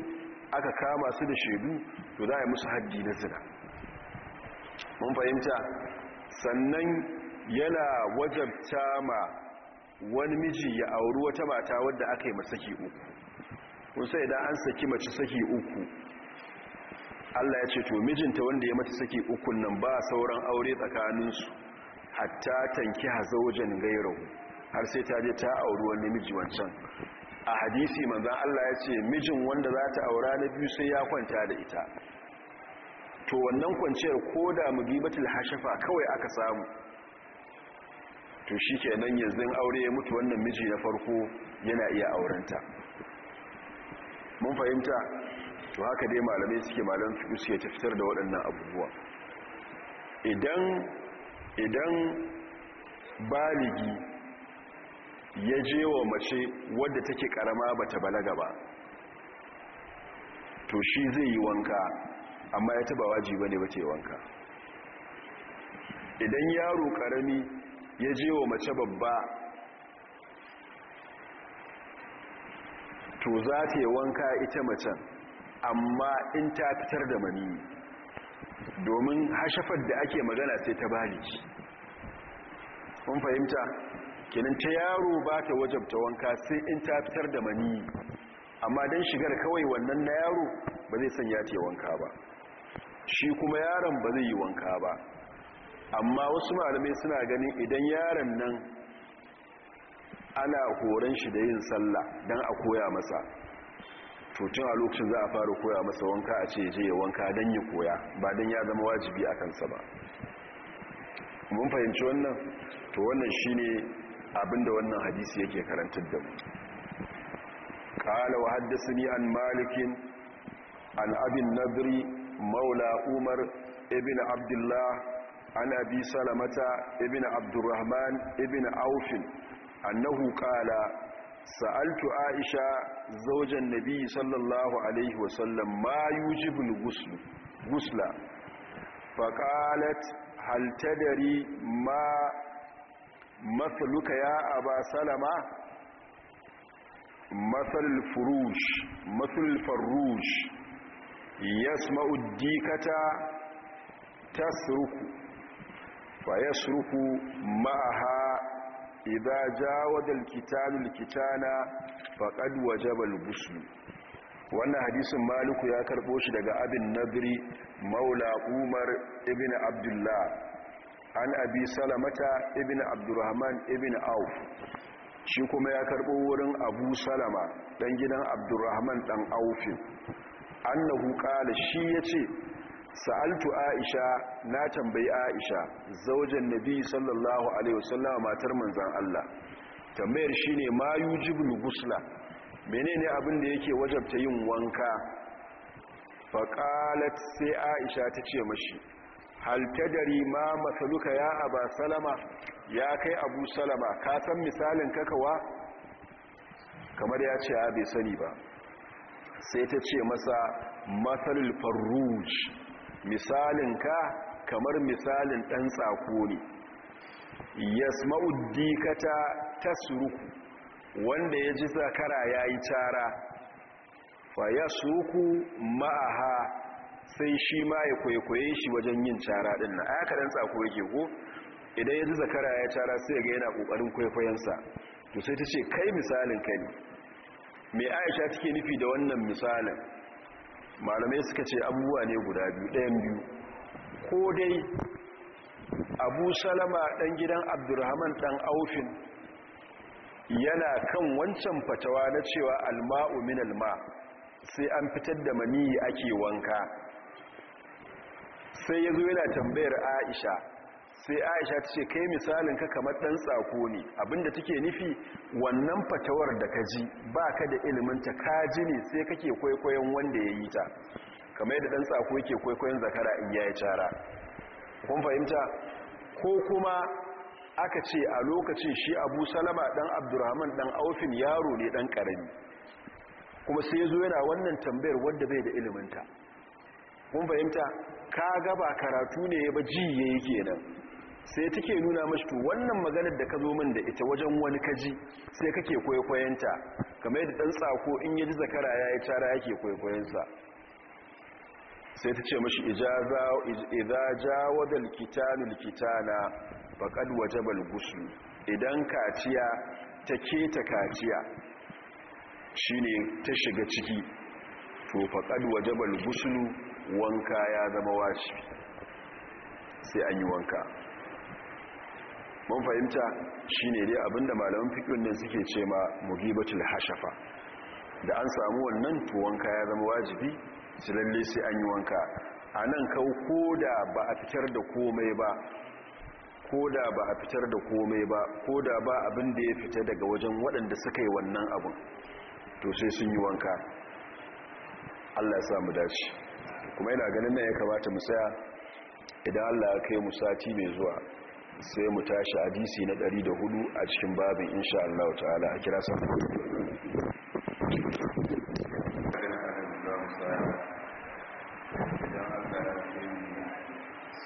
aka kama su da shaidu to za a yi musu haddi na zina mun fahimta sannan yana wajabta ma wani miji ya auri wata mata wadda aka yi masaki uku kun sai idan an saki mace saki uku Allah ya ce to mijinta wanda ya mata saki ukun nan ba sauran aure tsakaninsu hatta tanki hazaujan gairahu har sai ta je ta auri wani miji wancan a hadisi manzan Allah ya ce mijin wanda za ta aura na biyu sai ya kwanta da ita to wannan kwanciyar ko da mu mugibatul hashafa kawai aka samu to shi nan yanzu aure ya mutu wannan miji na farko yana iya aurenta mun fahimta to haka dai malamai suke malam fiƙi suke tafitar da waɗannan abubuwa idan idan baligi ya je wa mace wadda take karama ba ta balaga ba to shi zai yi wanka amma ya taba waji ba ne ba ce wanka idan yaro karami ya je wa mace babba to za ta yi wanka ita macen amma in ta fitar da mani, domin hashafar da ake magana sai ta bali kun fahimta kenan ta yaro ba ta wajabta wanka sai in ta fitar da mani, amma don shigar kawai wannan na yaro ba zai sanya ta wanka ba shi kuma yaron ba zai yi wanka ba amma wasu malamai suna ganin idan yaron nan ana horon shi da yin sallah don a koya masa to tun a lokacin za a fara koya masa wanka a ce je ya wanka don yi koya ba don ya zama wajibi a kansa ba mun fahimci wannan to wannan shi ne abinda wannan hadisi yake karantar da mu ƙala wa haddasa ni an malikin an abin nadiri maula umar ibn abdullah an abi salamata ibn abdurrahman ibn aufin annahu ƙala sa'altu aisha zaujen nabi sallallahu alaihi wasallam ma yujibul gusla faƙalat haltadari ma matsaluka ya aba salama matsal furush matsal farush yasma'uddikata tasruku fa yasruku ma'aha idza jawaza alkitanu alkitana faqad wajaba alghusl wannan hadisin maliku ya karbo shi daga abin nadri maula umar ibn abdullah an abi salamata ibn abdurrahman ibn auf shi kuma ya karbo wurin abu salama dan gidan abdurrahman dan aufin annahu qala shi yace sa'altu aisha na tambayi aisha zaujan nabi sallallahu alaihi wasallam matar manzan Allah tambayar shine ma yujibul gusla menene abin da yake wajabta yin wanka faƙalat sai aisha ta ce mashi hal tadari ma masaluka ya aba salama ya kai abu salama ka san misalin kakawa kamar ya ce a bai sani ba sai ta ce masa matsalul farruj Misalin ka kamar misalin ɗan tsako ne ka ta suruku wanda ya ji zakara ya yi cara fa ya suku ma'aha sai shi ma ya kwaikwaye shi wajen yin cara ɗin na aya ɗan tsako yake ko idan ya ji zakara ya cara sai ga yana ƙoƙarin kwaikwayensa to sai ta ce kai misalin ka ne mai aisha take nufi da wannan misalin malamai suka ce abubuwa ne guda biyu ɗayan biyu ko dai abu salama ɗan gidan abdurrahman ɗan aufin yana kan wancan fatawa na cewa alma'u min alma sai an fitar da maniyi ake wanka sai ya zo yana tambayar aisha sai aisha ta ce kai misalin ka kamar ɗan tsako ne abinda take nufi wannan fatawar da ka ji ba ka da iliminta ka ji ne sai kake kwaikwayon wanda ya yi ta kamar yadda ɗan tsako yake kwaikwayon zakara in ya yi cara kun fahimta ko kuma aka ce a lokacin shi abu salama ɗan abdurrahman ɗan aufin yaro ne ɗan ƙarami kuma sai ya zo yana wannan tambayar wanda bai da iliminta kun fahimta ka gaba karatu ne ya ba ji ya yi kenan sai take nuna mashi to wannan maganar da ka zo min da ita wajen wani kaji sai kake kwaikwayonta kamar yadda dan tsako in ya ji zakara ya yi cara yake kwaikwayonsa sai ta ce mashi ijaza idza jawada alkitanu alkitana faqad wajaba ghusl idan kaciya ta ta kaciya shine ta shiga ciki to faqad wajaba ghusl wanka ya zama washi sai an yi wanka mun fahimta shine dai abinda malaman fiqh din suke ce ma batul hashafa da an samu wannan to wanka ya zama wajibi su lalle sai an yi wanka anan kau koda ba a fitar da komai ba koda ba a fitar da komai ba koda ba abin da ya fita daga wajen waɗanda suka yi wannan abin to sai sun yi wanka Allah ya samu dace kuma yana ganin nan ya kamata mu tsaya idan Allah ya kai mu sati mai zuwa sai mu tashi hadisi na 104 a cikin babin insha Allah ta'ala a kira sa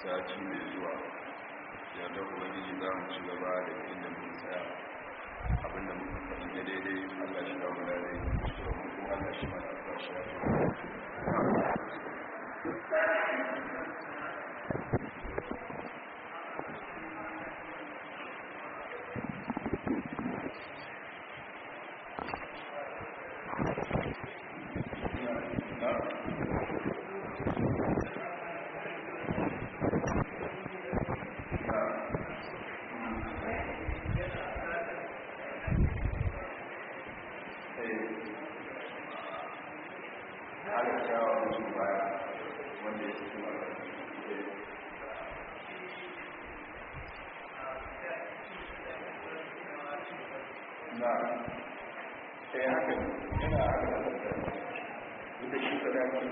sati mai zuwa za mu da inda mun abinda muka na daidai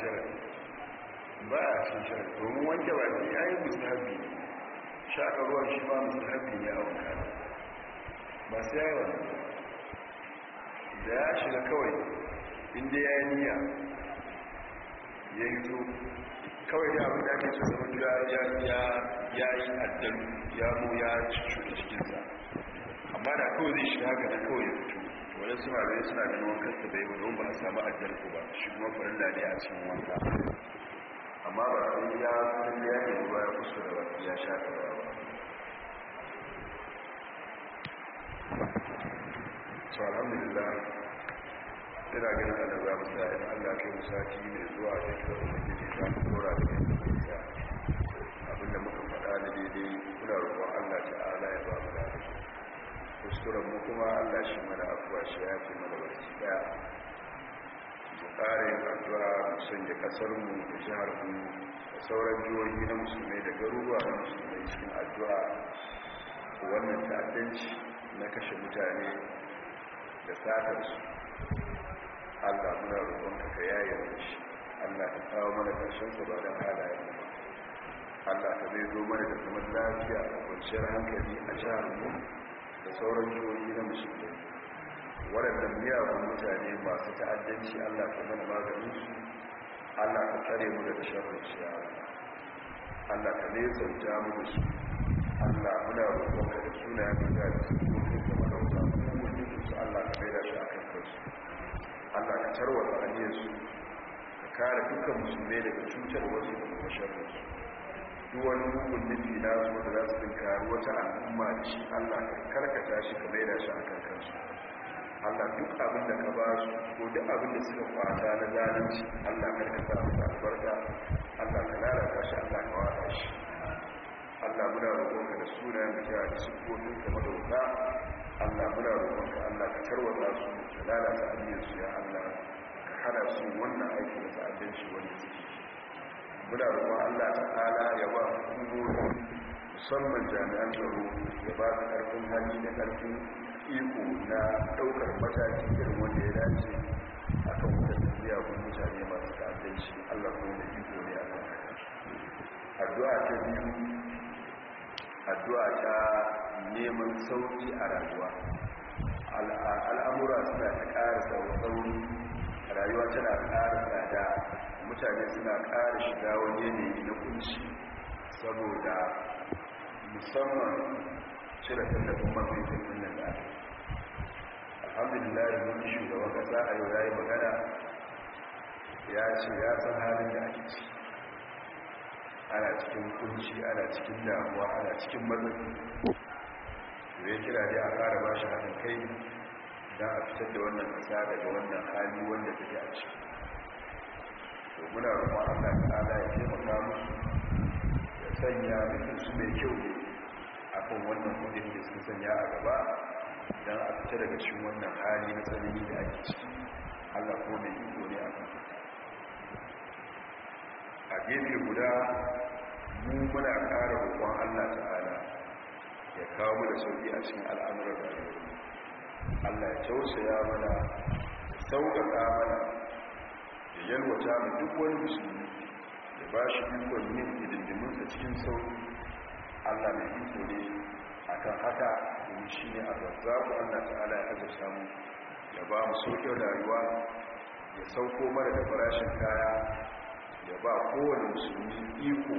sharaɗi ba a cikin sharaɗi domin wanke baki ya yi musahabi ne shaƙa ruwan shi ma musahabi ne a wanka ba sai yawa da ya shiga kawai inda ya yi niyya ya yi zo kawai da abin da ake so zama ya yi addalu ya mu ya cucu da cikinsa amma da kawai zai shiga ga kawai waɗansu malamai suna ganin wankan su bai don ba a samu ku ba shi kuma farin da ne a cikin wanka amma ba yi ya da ya yi ruwa ya kusa da wani ya sha ta ba to alhamdulillah ina ganin Allah za mu sa in Allah kai mu sati mai zuwa da kyau da kike ta kora da sanya kasarmu da jiharmu da sauran jihohi na musulmai da garuruwa na musulmai cikin addu'a wannan ta'addanci na kashe mutane da satarsu allah muna roƙonka ka yaye shi allah ta kawo mana ƙarshen ba da halayen ba allah ta zai zo mana da zaman lafiya a kwanciyar hankali a jiharmu da sauran jihohi na musulmai waɗannan miyagun mutane masu ta'addanci allah ka mana maganinsu Allah ka tsare mu daga sharrin ciyawa Allah ka nesanta mu da su Allah muna roƙon ka da suna ya fi da su ko kai ka madauta ko mutum su Allah ka bai da shi kan kansu Allah ka tarwata aniyar su ka kare dukkan musulmai daga cutar wasu da kuma sharrin su duk wani hukun nufi na zuwa da za su tunkari wata al'umma da shi Allah ka karkata shi ka bai da shi kan kansu Allah duk abin da ka ba su ko duk abin da suka fata na zalunci Allah karkata musu albarka Allah ka lalata shi Allah ka wata shi Allah muna ka da sunayen da su ko duk da madauka Allah muna ka Allah ka tarwata su ka lalata su ya Allah ka hana su wannan aiki da shi wanda suke muna roƙon Allah ta'ala ya ba hukumomi musamman jami'an tsaro ya ba su ƙarfin hali da ƙarfin iko na daukar mataki irin wanda ya dace a kan wata tafiya ko mutane masu kafinci allah kuma da iko ne a kan addu'a ta biyu addu'a ta neman sauki a rayuwa al'amura suna ta ƙara tsawo rayuwa tana ƙara tsada mutane suna ƙara shiga wani yanayi na kunci saboda musamman cire tallafin mafi tallafin da ake alhamdulillah mun shugaban kasa a yau yayi magana ya ce ya san halin da ake ci ana cikin kunci ana cikin damuwa ana cikin matsayi zai ya kira dai a fara bashi haɗin kai don a fitar da wannan kasa daga wannan hali wanda take a ciki to muna roƙon Allah ta'ala ya taimaka musu ya sanya mutum su mai kyau ne akan wannan kudin da suka sanya a gaba don a fita daga cin wannan hali na tsanani da ake ciki allah ko mai iko ne a kan a gefe guda mu muna kara roƙon allah ta'ala ya kawo mu da sauƙi a cikin al'amuran rayuwa allah ya tausaya mana sauƙaƙa mana ya yalwata mu duk wani musulmi ya ba shi ikon yin a cikin sauri. allah mai iko ne akan haka shi ne a arzaku Allah ta'ala ya haɗa samu ya ba mu sauƙin rayuwa ya sauko mara da farashin kaya ya ba kowane musulmi iko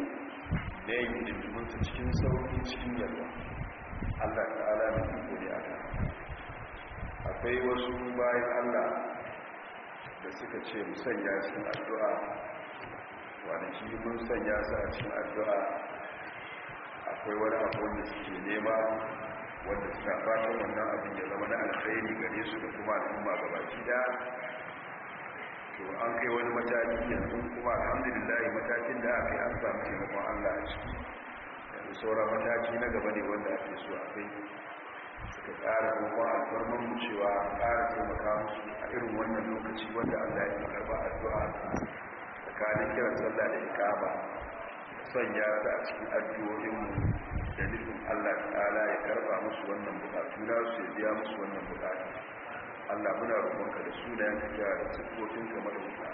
da yin cikin sauƙi cikin yalwa Allah ta'ala na iko ne aka akwai wasu bayan Allah da suka ce musanya cikin addu'a shi mun sanya su a cikin addu'a akwai wani abu da suke nema wanda suna fatan wannan abin ya zama na alkhairi gare su da kuma al'umma baki da to an kai wani mataki yanzu kuma alhamdulillah matakin da aka yi an samu taimakon Allah a yanzu sauran mataki na gaba ne wanda ake so a kai suka tsara kuma alfarmar mu cewa ƙara taimaka musu a irin wannan lokaci wanda Allah ya ba addu'a tsakanin kiran sallah da son sanya ta a cikin addu'o'in mu dalilin Allah ta'ala ya karba musu wannan bukatu na su biya musu wannan bukatu Allah muna roƙonka da ya ka da sifofin kamar wuta.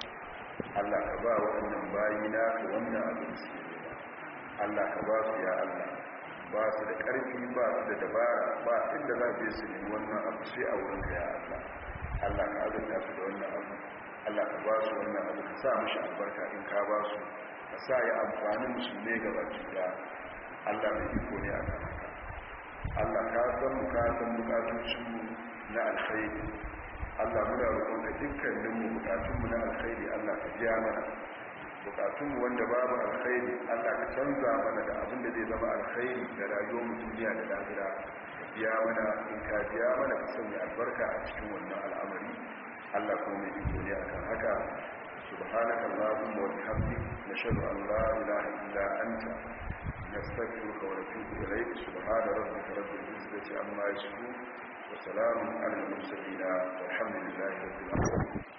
Allah ka ba waɗannan bayi na ka wannan abin su ba Allah ka ba su ya Allah ba su da ƙarfi ba su da dabara ba inda za su su nemi wannan abu sai a wurin ka ya Allah Allah ka azurta su da wannan abu Allah ka ba su wannan abu ka sa mashi albarka in ka ba su ka sa ya amfani musu musulmai gaba ki Allah mai iko ne a kan Allah ka san mu ka san bukatun mu na alkhairi Allah muna roƙon ka dukkanin mu bukatun mu na alkhairi Allah ka biya mana bukatun mu wanda babu alkhairi Allah ka canza mana da abin da zai zama alkhairi ga rayuwar mu duniya da lahira biya mana in ka biya mana ka sanya albarka a cikin wannan al'amari Allah kuma mai iko ne akan haka subhanakallahumma wa na nashhadu an la ilaha illa anta نستغفرك ونتوب إليك سبحان ربك رب العزة عما يصفون وسلام على المرسلين والحمد لله رب العالمين